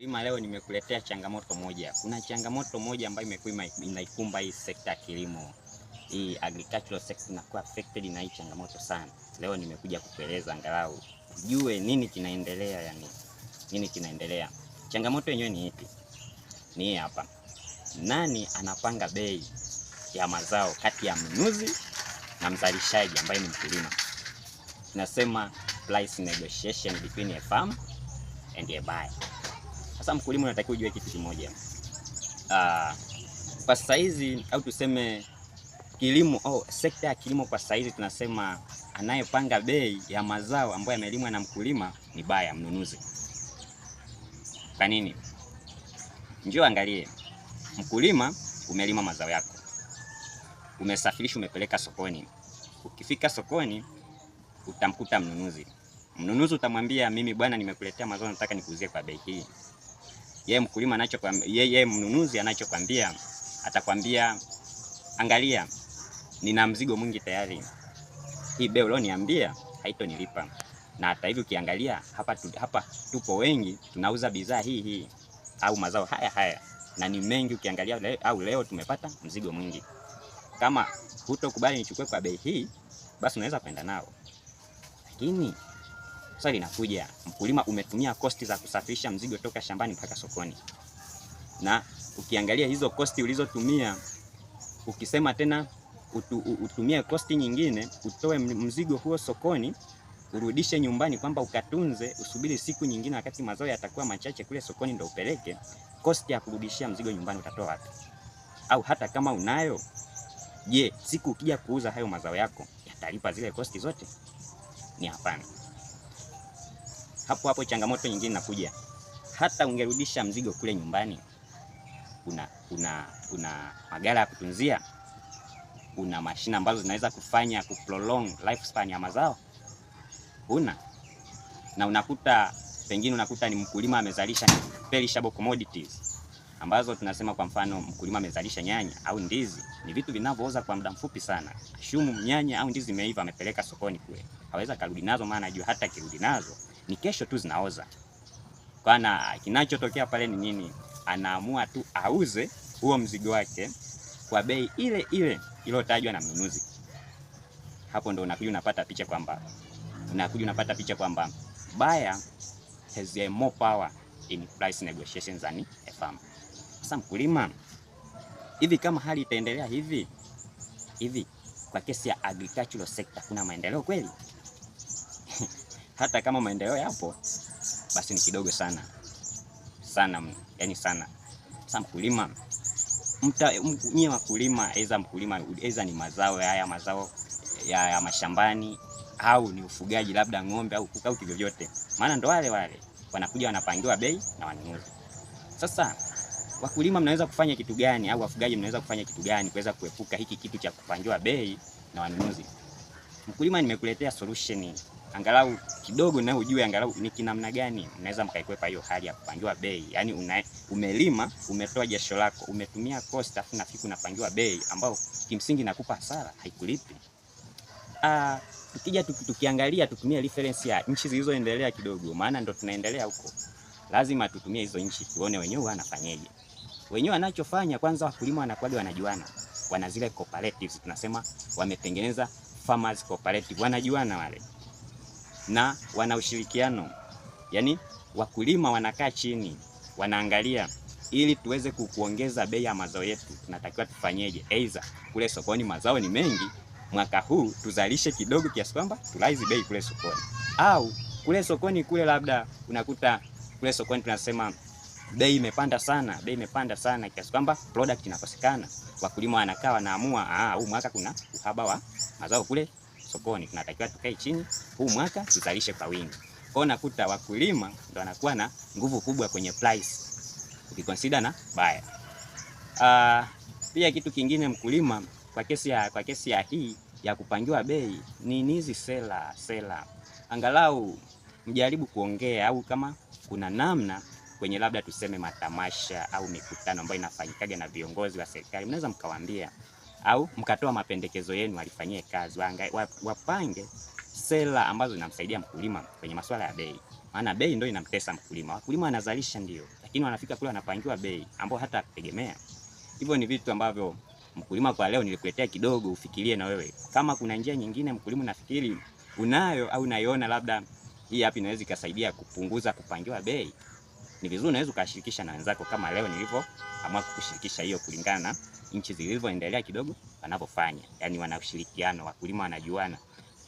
Ima, leo nimekuletea changamoto moja. Kuna changamoto moja ambayo imekuwa inaikumba hii sekta ya kilimo, hii agricultural sector inakuwa affected na hii changamoto sana. Leo nimekuja kukueleza angalau ujue nini kinaendelea, yani nini kinaendelea. Changamoto yenyewe ni ipi? Ni hapa, nani anapanga bei ya mazao kati ya mnunuzi na mzalishaji ambaye ni mkulima? Tunasema price negotiation between a farm and a buyer. Sasa mkulima unatakiwa ujue kitu kimoja. Ah, kwa sasa hizi au tuseme kilimo oh, sekta ya kilimo kwa sasa hizi tunasema anayepanga bei ya mazao ambayo yamelimwa na mkulima ni baya mnunuzi. Kwa nini? Njoo angalie, mkulima umelima mazao yako, umesafirisha, umepeleka sokoni. Ukifika sokoni utamkuta mnunuzi. Mnunuzi utamwambia, mimi bwana, nimekuletea mazao nataka nikuuzie kwa bei hii yeye mkulima anachokwambia, yeye mnunuzi anachokwambia, atakwambia angalia, nina mzigo mwingi tayari, hii bei ulioniambia haitonilipa. Na hata hivi ukiangalia hapa, tu, hapa tupo wengi tunauza bidhaa hii hii au mazao haya haya na ni mengi ukiangalia le, au leo tumepata mzigo mwingi. Kama hutokubali nichukue kwa bei hii, basi unaweza kwenda nao, lakini Swali linakuja, mkulima, umetumia kosti za kusafirisha mzigo toka shambani mpaka sokoni, na ukiangalia hizo kosti ulizotumia, ukisema tena utu, utumie kosti nyingine, utoe mzigo huo sokoni urudishe nyumbani kwamba ukatunze, usubiri siku nyingine, wakati mazao yatakuwa machache kule sokoni ndio upeleke. Kosti ya kurudishia mzigo nyumbani utatoa wapi? Au hata kama unayo, je, siku ukija kuuza hayo mazao yako yatalipa zile kosti zote? Ni hapana hapo hapo changamoto nyingine inakuja, hata ungerudisha mzigo kule nyumbani, una una una magala ya kutunzia, una mashine ambazo zinaweza kufanya ku prolong lifespan ya mazao una na unakuta pengine unakuta ni mkulima amezalisha perishable commodities ambazo tunasema, kwa mfano mkulima amezalisha nyanya au ndizi, ni vitu vinavyooza kwa muda mfupi sana. Shumu nyanya au ndizi imeiva, amepeleka sokoni kule, hawezi karudi nazo, maana ajua hata kirudi nazo ni kesho tu zinaoza. Kana kinachotokea pale ni nini? Anaamua tu auze huo mzigo wake kwa bei ile ile iliyotajwa na mnunuzi. Hapo ndo unakuja unapata picha kwamba unakuja unapata picha kwamba buyer has a more power in price negotiations than a farmer. Sasa mkulima, hivi kama hali itaendelea hivi hivi, kwa kesi ya agricultural sector kuna maendeleo kweli? hata kama maendeleo yapo, basi ni kidogo sana sana, yani sana. Sasa mkulima mta nyie wakulima, aidha mkulima, aidha ni mazao haya mazao ya, ya mashambani au ni ufugaji labda ng'ombe au kuku au vyovyote, maana ndo wale wale wanakuja wanapangiwa bei na wanunuzi. Sasa wakulima mnaweza kufanya kitu gani, au wafugaji mnaweza kufanya kitu gani kuweza kuepuka hiki kitu cha kupangiwa bei na wanunuzi? Mkulima, nimekuletea solution angalau kidogo na ujue angalau ni kinamna gani unaweza mkaikwepa hiyo hali ya kupangiwa bei. Yani una, umelima umetoa jasho lako umetumia cost, afu nafiki unapangiwa bei ambayo kimsingi nakupa hasara, haikulipi. Ah, tukija tukiangalia tutumie reference ya nchi zilizoendelea kidogo, maana ndo tunaendelea huko, lazima tutumie hizo nchi tuone wenyewe wanafanyaje. Wenyewe wanachofanya kwanza, wakulima wanakuwa wanajuana, wana zile cooperatives tunasema wametengeneza farmers cooperative, wanajuana wale na wana ushirikiano, yaani wakulima wanakaa chini wanaangalia ili tuweze kukuongeza bei ya mazao yetu, tunatakiwa tufanyeje? Aidha kule sokoni mazao ni mengi, mwaka huu tuzalishe kidogo kiasi kwamba tulaizi bei kule sokoni, au kule sokoni kule labda unakuta kule sokoni tunasema bei imepanda sana, bei imepanda sana kiasi kwamba product inakosekana. Wakulima wanakaa wanaamua, ah, huu mwaka kuna uhaba wa mazao kule sokoni, tunatakiwa tukae chini huu mwaka tuzalishe kwa wingi. Kwao nakuta wakulima ndo wanakuwa na nguvu kubwa kwenye price ukikonsider na baya. Uh, pia kitu kingine mkulima kwa kesi ya, kwa kesi ya hii ya kupangiwa bei ni nizi sela sela, angalau mjaribu kuongea au kama kuna namna kwenye labda tuseme matamasha au mikutano ambayo inafanyikaga na viongozi wa serikali, mnaweza mkawaambia au mkatoa mapendekezo yenu alifanyie kazi, wapange sera ambazo zinamsaidia mkulima kwenye masuala ya bei, maana bei ndio inamtesa mkulima. Wakulima wanazalisha ndio, lakini wanafika kule wanapangiwa bei ambao hata kutegemea. Hivyo ni vitu ambavyo mkulima, kwa leo nilikuletea kidogo, ufikirie na wewe kama kuna njia nyingine mkulima nafikiri unayo au unaiona labda hii hapa inaweza ikasaidia kupunguza kupangiwa bei, ni vizuri unaweza ukashirikisha na wenzako, kama leo nilivyoamua kukushirikisha hiyo, kulingana nchi zilivyoendelea kidogo wanavyofanya, yani wana ushirikiano, wakulima wanajuana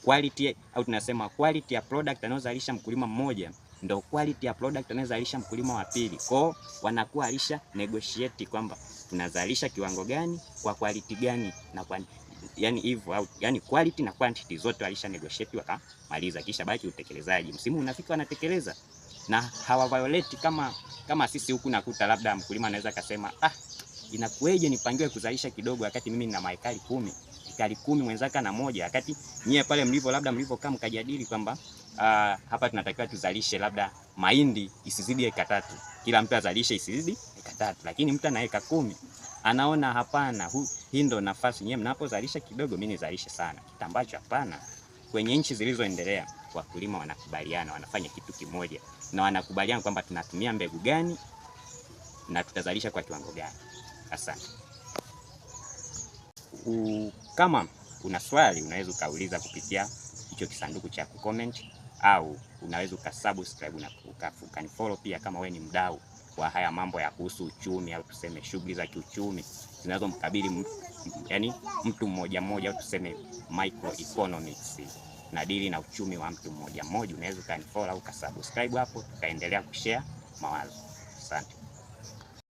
quality, au tunasema quality ya product anayozalisha mkulima mmoja ndo quality ya product anayozalisha mkulima wa pili. Kwao wanakuwa alisha negotiate kwamba tunazalisha kiwango gani kwa quality gani na kwa yani hivyo au yani quality na quantity zote alisha negotiate wakamaliza, kisha baki utekelezaji. Msimu unafika wanatekeleza na hawa violate kama kama sisi huku nakuta labda mkulima anaweza akasema ah inakuweje nipangiwe kuzalisha kidogo wakati mimi nina maekari kumi ekari kumi mwenzaka na moja, wakati nyie pale mlivyo labda mlivyokaa mkajadili kwamba uh, hapa tunatakiwa tuzalishe labda mahindi isizidi eka tatu, kila mtu azalishe isizidi eka tatu, lakini mtu ana eka kumi anaona hapana, hii ndo nafasi nyie mnapozalisha kidogo, mimi nizalishe sana, kitu ambacho hapana. Kwenye nchi zilizoendelea wakulima wanakubaliana, wanafanya kitu kimoja na wanakubaliana kwamba tunatumia mbegu gani na tutazalisha kwa kiwango gani. Asante. Kama una swali unaweza ukauliza kupitia hicho kisanduku cha kucomment au unaweza ukasubscribe na ukanifollow pia, kama wewe ni mdau wa haya mambo ya kuhusu uchumi au tuseme shughuli za kiuchumi zinazomkabili yani mtu mmoja mmoja, au tuseme microeconomics na dili na uchumi wa mtu mmoja mmoja, unaweza ukanifollow au ukasubscribe hapo, tukaendelea kushare mawazo. Asante.